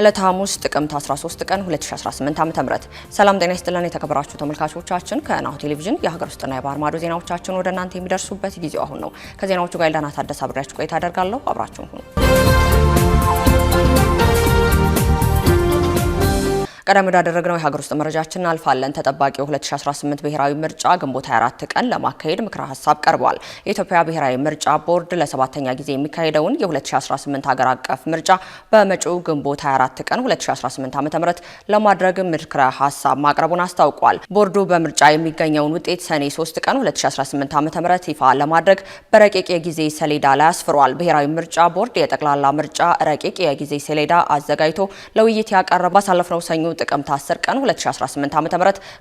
ዕለተ ሐሙስ ጥቅምት 13 ቀን 2018 ዓ.ም። ሰላም ጤና ይስጥልን የተከበራችሁ ተመልካቾቻችን፣ ከናሁ ቴሌቪዥን የሀገር ውስጥና የባህር ማዶ ዜናዎቻችን ወደ እናንተ የሚደርሱበት ጊዜው አሁን ነው። ከዜናዎቹ ጋር ዳና ታደሰ አብሬያችሁ ቆይታ አደርጋለሁ። አብራችሁን ሁኑ። ቀደም ነው የሀገር ውስጥ መረጃችን እናልፋለን። ተጠባቂው 2018 ብሔራዊ ምርጫ ግንቦት 24 ቀን ለማካሄድ ምክረ ሀሳብ ቀርቧል። የኢትዮጵያ ብሔራዊ ምርጫ ቦርድ ለሰባተኛ ጊዜ የሚካሄደውን የ2018 ሀገር አቀፍ ምርጫ በመጪው ግንቦት 24 ቀን 2018 ዓ.ም ለማድረግ ምክረ ሀሳብ ማቅረቡን አስታውቋል። ቦርዱ በምርጫ የሚገኘውን ውጤት ሰኔ 3 ቀን 2018 ዓ.ም ይፋ ለማድረግ በረቂቅ የጊዜ ሰሌዳ ላይ አስፍሯል። ብሔራዊ ምርጫ ቦርድ የጠቅላላ ምርጫ ረቂቅ የጊዜ ሰሌዳ አዘጋጅቶ ለውይይት ያቀረበ ባሳለፍነው ሰኞ ጥቅምት 10 ቀን 2018 ዓ.ም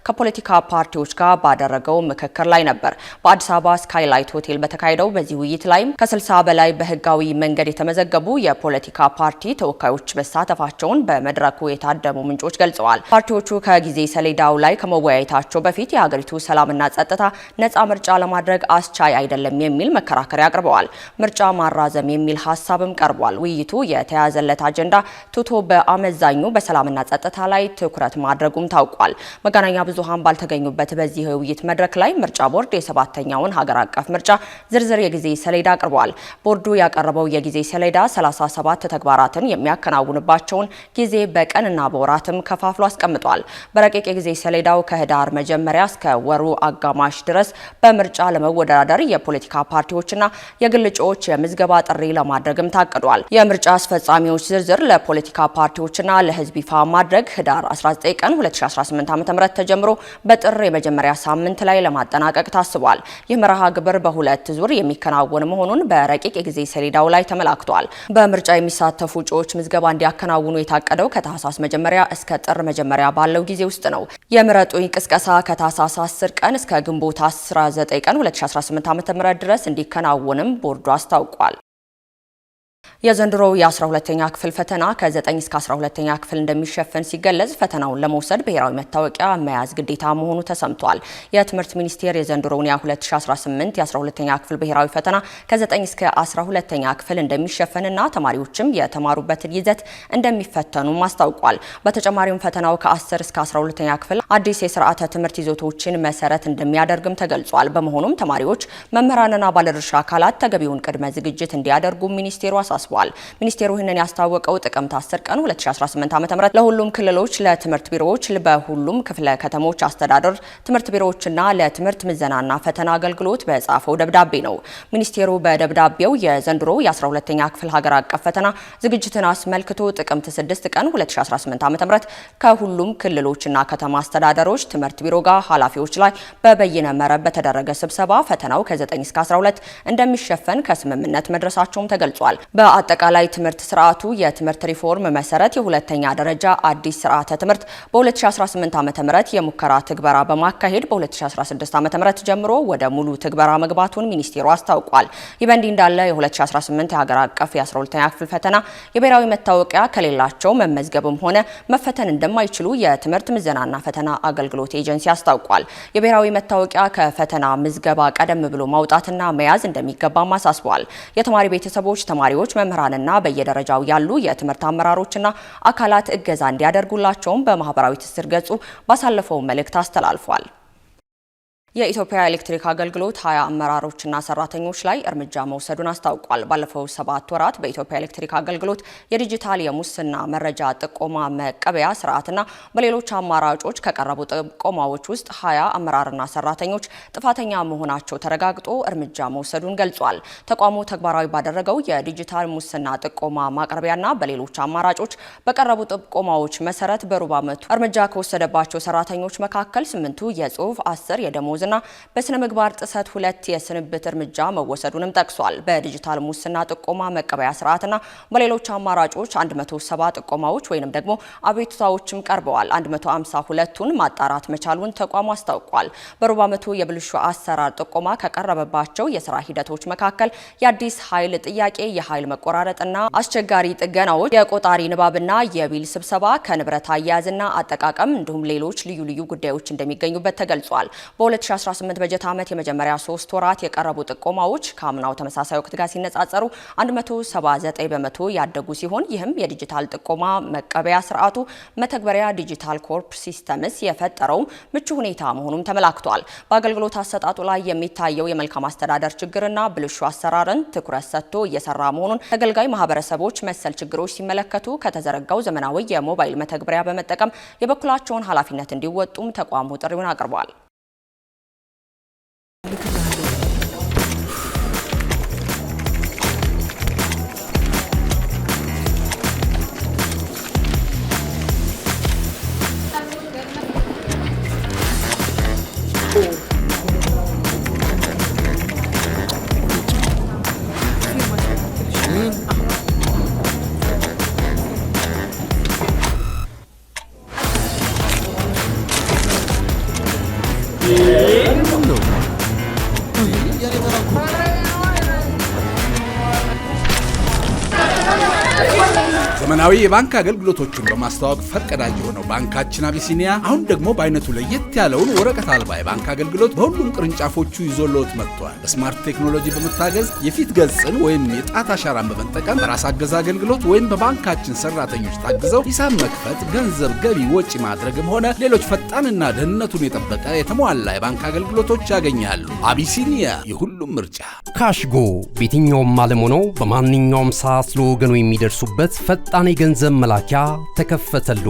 ከፖለቲካ ፓርቲዎች ጋር ባደረገው ምክክር ላይ ነበር። በአዲስ አበባ ስካይላይት ሆቴል በተካሄደው በዚህ ውይይት ላይም ከ60 በላይ በህጋዊ መንገድ የተመዘገቡ የፖለቲካ ፓርቲ ተወካዮች መሳተፋቸውን በመድረኩ የታደሙ ምንጮች ገልጸዋል። ፓርቲዎቹ ከጊዜ ሰሌዳው ላይ ከመወያየታቸው በፊት የሀገሪቱ ሰላምና ጸጥታ ነጻ ምርጫ ለማድረግ አስቻይ አይደለም የሚል መከራከሪያ አቅርበዋል። ምርጫ ማራዘም የሚል ሀሳብም ቀርቧል። ውይይቱ የተያዘለት አጀንዳ ቱቶ በአመዛኙ በሰላምና ጸጥታ ላይ ትኩረት ማድረጉም ታውቋል። መገናኛ ብዙሃን ባልተገኙበት በዚህ የውይይት መድረክ ላይ ምርጫ ቦርድ የሰባተኛውን ሀገር አቀፍ ምርጫ ዝርዝር የጊዜ ሰሌዳ አቅርቧል። ቦርዱ ያቀረበው የጊዜ ሰሌዳ 37 ተግባራትን የሚያከናውንባቸውን ጊዜ በቀንና በወራትም ከፋፍሎ አስቀምጧል። በረቂቅ የጊዜ ሰሌዳው ከህዳር መጀመሪያ እስከ ወሩ አጋማሽ ድረስ በምርጫ ለመወዳደር የፖለቲካ ፓርቲዎችና የግል እጩዎች የምዝገባ ጥሪ ለማድረግም ታቅዷል። የምርጫ አስፈጻሚዎች ዝርዝር ለፖለቲካ ፓርቲዎችና ለህዝብ ይፋ ማድረግ ህዳር ህዳር 19 ቀን 2018 ዓ.ም ተጀምሮ በጥር የመጀመሪያ ሳምንት ላይ ለማጠናቀቅ ታስቧል። ይህ መርሃ ግብር በሁለት ዙር የሚከናወን መሆኑን በረቂቅ የጊዜ ሰሌዳው ላይ ተመላክቷል። በምርጫ የሚሳተፉ እጩዎች ምዝገባ እንዲያከናውኑ የታቀደው ከታህሳስ መጀመሪያ እስከ ጥር መጀመሪያ ባለው ጊዜ ውስጥ ነው። የምረጡኝ ቅስቀሳ ከታህሳስ 10 ቀን እስከ ግንቦት 19 ቀን 2018 ዓ.ም ድረስ እንዲከናወንም ቦርዱ አስታውቋል። የዘንድሮው የ12ኛ ክፍል ፈተና ከ9 እስከ 12ኛ ክፍል እንደሚሸፈን ሲገለጽ ፈተናውን ለመውሰድ ብሔራዊ መታወቂያ መያዝ ግዴታ መሆኑ ተሰምቷል። የትምህርት ሚኒስቴር የዘንድሮውን የ2018 የ12ኛ ክፍል ብሔራዊ ፈተና ከ9 እስከ 12ኛ ክፍል እንደሚሸፈንና ተማሪዎችም የተማሩበትን ይዘት እንደሚፈተኑም አስታውቋል። በተጨማሪም ፈተናው ከ10 እስከ 12ኛ ክፍል አዲስ የስርዓተ ትምህርት ይዞቶችን መሰረት እንደሚያደርግም ተገልጿል። በመሆኑም ተማሪዎች፣ መምህራንና ባለድርሻ አካላት ተገቢውን ቅድመ ዝግጅት እንዲያደርጉ ሚኒስቴሩ አሳስቧል። አሳስቧል። ሚኒስቴሩ ይህንን ያስታወቀው ጥቅምት 10 ቀን 2018 ም ለሁሉም ክልሎች፣ ለትምህርት ቢሮዎች በሁሉም ክፍለ ከተሞች አስተዳደር ትምህርት ቢሮዎችና ለትምህርት ምዘናና ፈተና አገልግሎት በጻፈው ደብዳቤ ነው። ሚኒስቴሩ በደብዳቤው የዘንድሮ የ12ኛ ክፍል ሀገር አቀፍ ፈተና ዝግጅትን አስመልክቶ ጥቅምት 6 ቀን 2018 ም ከሁሉም ክልሎችና ከተማ አስተዳደሮች ትምህርት ቢሮ ጋር ኃላፊዎች ላይ በበይነ መረብ በተደረገ ስብሰባ ፈተናው ከ9 እስከ 12 እንደሚሸፈን ከስምምነት መድረሳቸውም ተገልጿል። አጠቃላይ ትምህርት ስርዓቱ የትምህርት ሪፎርም መሰረት የሁለተኛ ደረጃ አዲስ ስርዓተ ትምህርት በ2018 ም የሙከራ ትግበራ በማካሄድ በ2016 ም ጀምሮ ወደ ሙሉ ትግበራ መግባቱን ሚኒስቴሩ አስታውቋል። ይህ በእንዲህ እንዳለ የ2018 የሀገር አቀፍ የ12ኛ ክፍል ፈተና የብሔራዊ መታወቂያ ከሌላቸው መመዝገብም ሆነ መፈተን እንደማይችሉ የትምህርት ምዘናና ፈተና አገልግሎት ኤጀንሲ አስታውቋል። የብሔራዊ መታወቂያ ከፈተና ምዝገባ ቀደም ብሎ ማውጣትና መያዝ እንደሚገባም አሳስቧል። የተማሪ ቤተሰቦች፣ ተማሪዎች፣ መምህ መምህራንና በየደረጃው ያሉ የትምህርት አመራሮችና አካላት እገዛ እንዲያደርጉላቸውም በማህበራዊ ትስስር ገጹ ባሳለፈው መልእክት አስተላልፏል። የኢትዮጵያ ኤሌክትሪክ አገልግሎት ሀያ አመራሮችና ሰራተኞች ላይ እርምጃ መውሰዱን አስታውቋል። ባለፈው ሰባት ወራት በኢትዮጵያ ኤሌክትሪክ አገልግሎት የዲጂታል የሙስና መረጃ ጥቆማ መቀበያ ስርዓትና በሌሎች አማራጮች ከቀረቡ ጥቆማዎች ውስጥ ሀያ አመራርና ሰራተኞች ጥፋተኛ መሆናቸው ተረጋግጦ እርምጃ መውሰዱን ገልጿል። ተቋሙ ተግባራዊ ባደረገው የዲጂታል ሙስና ጥቆማ ማቅረቢያና በሌሎች አማራጮች በቀረቡ ጥቆማዎች መሰረት በሩብ ዓመቱ እርምጃ ከወሰደባቸው ሰራተኞች መካከል ስምንቱ የጽሁፍ አስር የደሞዝ መሰረዝና በስነ ምግባር ጥሰት ሁለት የስንብት እርምጃ መወሰዱንም ጠቅሷል። በዲጂታል ሙስና ጥቆማ መቀበያ ስርዓትና በሌሎች አማራጮች 170 ጥቆማዎች ወይንም ደግሞ አቤቱታዎችም ቀርበዋል። 152ቱን ማጣራት መቻሉን ተቋሙ አስታውቋል። በሩብ ዓመቱ የብልሹ አሰራር ጥቆማ ከቀረበባቸው የስራ ሂደቶች መካከል የአዲስ ኃይል ጥያቄ፣ የኃይል መቆራረጥና አስቸጋሪ ጥገናዎች፣ የቆጣሪ ንባብና የቢል ስብሰባ፣ ከንብረት አያያዝና አጠቃቀም እንዲሁም ሌሎች ልዩ ልዩ ጉዳዮች እንደሚገኙበት ተገልጿል። በ 2018 በጀት ዓመት የመጀመሪያ ሶስት ወራት የቀረቡ ጥቆማዎች ከአምናው ተመሳሳይ ወቅት ጋር ሲነጻጸሩ 179 በመቶ ያደጉ ሲሆን ይህም የዲጂታል ጥቆማ መቀበያ ስርዓቱ መተግበሪያ ዲጂታል ኮርፕ ሲስተምስ የፈጠረው ምቹ ሁኔታ መሆኑም ተመላክቷል። በአገልግሎት አሰጣጡ ላይ የሚታየው የመልካም አስተዳደር ችግርና ብልሹ አሰራርን ትኩረት ሰጥቶ እየሰራ መሆኑን ተገልጋይ ማህበረሰቦች መሰል ችግሮች ሲመለከቱ ከተዘረጋው ዘመናዊ የሞባይል መተግበሪያ በመጠቀም የበኩላቸውን ኃላፊነት እንዲወጡም ተቋሙ ጥሪውን አቅርቧል። ዘመናዊ የባንክ አገልግሎቶችን በማስተዋወቅ ፈቀዳጅ የሆነው ባንካችን አቢሲኒያ አሁን ደግሞ በአይነቱ ለየት ያለውን ወረቀት አልባ የባንክ አገልግሎት በሁሉም ቅርንጫፎቹ ይዞልዎት መጥቷል። በስማርት ቴክኖሎጂ በመታገዝ የፊት ገጽን ወይም የጣት አሻራን በመጠቀም በራስ አገዝ አገልግሎት ወይም በባንካችን ሰራተኞች ታግዘው ሂሳብ መክፈት፣ ገንዘብ ገቢ ወጪ ማድረግም ሆነ ሌሎች ፈጣንና ደህንነቱን የጠበቀ የተሟላ የባንክ አገልግሎቶች ያገኛሉ። አቢሲኒያ የሁሉም ምርጫ። ካሽጎ ቤትኛውም አለም ሆነው በማንኛውም ሰዓት ለወገኑ የሚደርሱበት ፈጣን ፈጣን የገንዘብ መላኪያ ተከፈተሉ።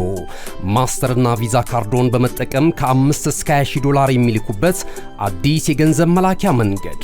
ማስተርና ቪዛ ካርዶን በመጠቀም ከ5 እስከ 20 ዶላር የሚልኩበት አዲስ የገንዘብ መላኪያ መንገድ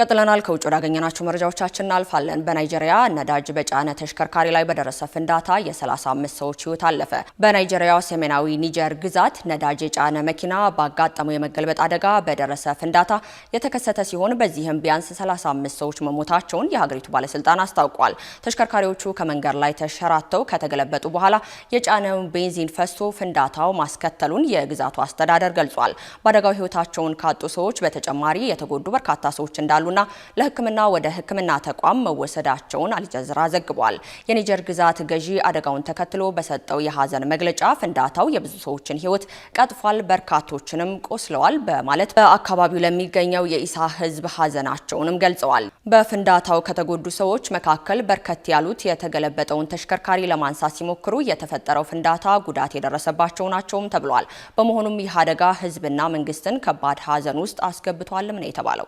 ቀጥለናል። ከውጭ ወዳገኘናቸው መረጃዎቻችን እናልፋለን። በናይጄሪያ ነዳጅ በጫነ ተሽከርካሪ ላይ በደረሰ ፍንዳታ የ35 ሰዎች ህይወት አለፈ። በናይጄሪያው ሰሜናዊ ኒጀር ግዛት ነዳጅ የጫነ መኪና ባጋጠመው የመገልበጥ አደጋ በደረሰ ፍንዳታ የተከሰተ ሲሆን በዚህም ቢያንስ 35 ሰዎች መሞታቸውን የሀገሪቱ ባለስልጣን አስታውቋል። ተሽከርካሪዎቹ ከመንገድ ላይ ተሸራተው ከተገለበጡ በኋላ የጫነውን ቤንዚን ፈሶ ፍንዳታው ማስከተሉን የግዛቱ አስተዳደር ገልጿል። በአደጋው ህይወታቸውን ካጡ ሰዎች በተጨማሪ የተጎዱ በርካታ ሰዎች እንዳሉ እንዳሉና ለሕክምና ወደ ሕክምና ተቋም መወሰዳቸውን አልጀዝራ ዘግቧል። የኒጀር ግዛት ገዢ አደጋውን ተከትሎ በሰጠው የሀዘን መግለጫ ፍንዳታው የብዙ ሰዎችን ሕይወት ቀጥፏል፣ በርካቶችንም ቆስለዋል በማለት በአካባቢው ለሚገኘው የኢሳ ሕዝብ ሀዘናቸውንም ገልጸዋል። በፍንዳታው ከተጎዱ ሰዎች መካከል በርከት ያሉት የተገለበጠውን ተሽከርካሪ ለማንሳት ሲሞክሩ የተፈጠረው ፍንዳታ ጉዳት የደረሰባቸው ናቸውም ተብሏል። በመሆኑም ይህ አደጋ ህዝብና መንግስትን ከባድ ሀዘን ውስጥ አስገብቷልም ነው የተባለው።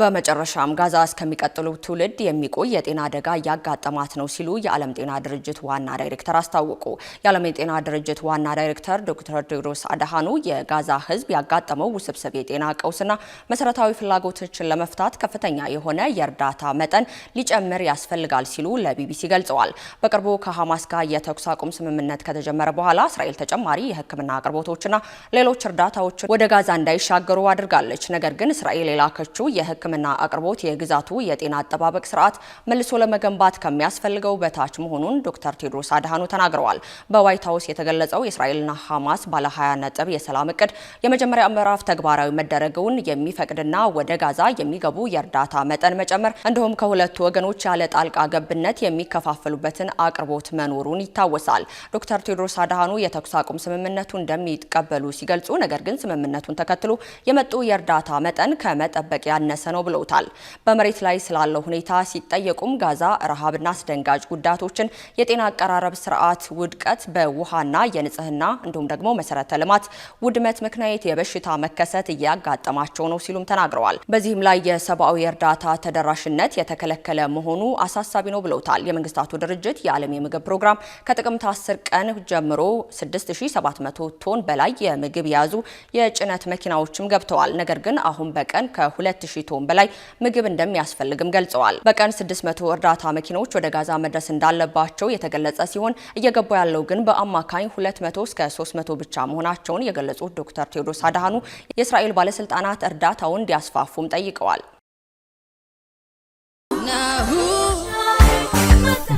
በመጨረሻም ጋዛ እስከሚቀጥሉ ትውልድ የሚቆይ የጤና አደጋ እያጋጠማት ነው ሲሉ የዓለም ጤና ድርጅት ዋና ዳይሬክተር አስታወቁ። የዓለም የጤና ድርጅት ዋና ዳይሬክተር ዶክተር ቴድሮስ አድሃኑ የጋዛ ሕዝብ ያጋጠመው ውስብስብ የጤና ቀውስና መሰረታዊ ፍላጎቶችን ለመፍታት ከፍተኛ የሆነ የእርዳታ መጠን ሊጨምር ያስፈልጋል ሲሉ ለቢቢሲ ገልጸዋል። በቅርቡ ከሐማስ ጋር የተኩስ አቁም ስምምነት ከተጀመረ በኋላ እስራኤል ተጨማሪ የሕክምና አቅርቦቶችና ሌሎች እርዳታዎችን ወደ ጋዛ እንዳይሻገሩ አድርጋለች። ነገር ግን እስራኤል የላከችው የሕክምና አቅርቦት የግዛቱ የጤና አጠባበቅ ስርዓት መልሶ ለመገንባት ከሚያስፈልገው በታች መሆኑን ዶክተር ቴድሮስ አድሃኑ ተናግረዋል። በዋይት ሀውስ የተገለጸው የእስራኤልና ሐማስ ባለ 20 ነጥብ የሰላም እቅድ የመጀመሪያ ምዕራፍ ተግባራዊ መደረገውን የሚፈቅድና ወደ ጋዛ የሚገቡ የእርዳታ መጠን መጨመር እንዲሁም ከሁለቱ ወገኖች ያለ ጣልቃ ገብነት የሚከፋፈሉበትን አቅርቦት መኖሩን ይታወሳል። ዶክተር ቴዎድሮስ አድሃኑ የተኩስ አቁም ስምምነቱ እንደሚቀበሉ ሲገልጹ፣ ነገር ግን ስምምነቱን ተከትሎ የመጡ የእርዳታ መጠን ከመጠበቅ ያነሰ ነው ብለውታል። በመሬት ላይ ስላለው ሁኔታ ሲጠየቁም ጋዛ ረሃብና አስደንጋጭ ጉዳቶችን፣ የጤና አቀራረብ ስርዓት ውድቀት፣ በውሃና የንጽህና እንዲሁም ደግሞ መሰረተ ልማት ውድመት ምክንያት የበሽታ መከሰት እያጋጠማቸው ነው ሲሉም ተናግረዋል። በዚህም ላይ የሰብአዊ እርዳታ ተደራሽነት የተከለከለ መሆኑ አሳሳቢ ነው ብለውታል። የመንግስታቱ ድርጅት የዓለም የምግብ ፕሮግራም ከጥቅምት 10 ቀን ጀምሮ 6700 ቶን በላይ የምግብ የያዙ የጭነት መኪናዎችም ገብተዋል። ነገር ግን አሁን በቀን ከ2000 ቶን ከመቼውም በላይ ምግብ እንደሚያስፈልግም ገልጸዋል። በቀን 600 እርዳታ መኪኖች ወደ ጋዛ መድረስ እንዳለባቸው የተገለጸ ሲሆን እየገባ ያለው ግን በአማካኝ 200 እስከ 300 ብቻ መሆናቸውን የገለጹት ዶክተር ቴዎድሮስ አድሃኑ የእስራኤል ባለስልጣናት እርዳታውን እንዲያስፋፉም ጠይቀዋል።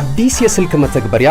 አዲስ የስልክ መተግበሪያ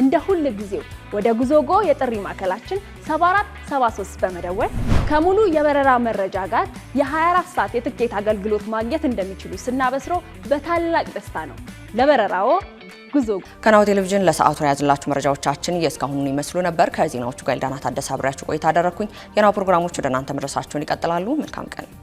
እንደ ሁል ጊዜው ወደ ጉዞጎ የጥሪ ማዕከላችን 7473 በመደወል ከሙሉ የበረራ መረጃ ጋር የ24 ሰዓት የትኬት አገልግሎት ማግኘት እንደሚችሉ ስናበስሮ በታላቅ ደስታ ነው። ለበረራዎ ጉዞ ከናሁ ቴሌቪዥን ለሰዓቱ የያዝላችሁ መረጃዎቻችን የእስካሁኑን ይመስሉ ነበር። ከዜናዎቹ ጋር ኤልዳና ታደሰ አብሬያችሁ ቆይታ አደረግኩኝ። የናሁ ፕሮግራሞች ወደ እናንተ መድረሳቸውን ይቀጥላሉ። መልካም ቀን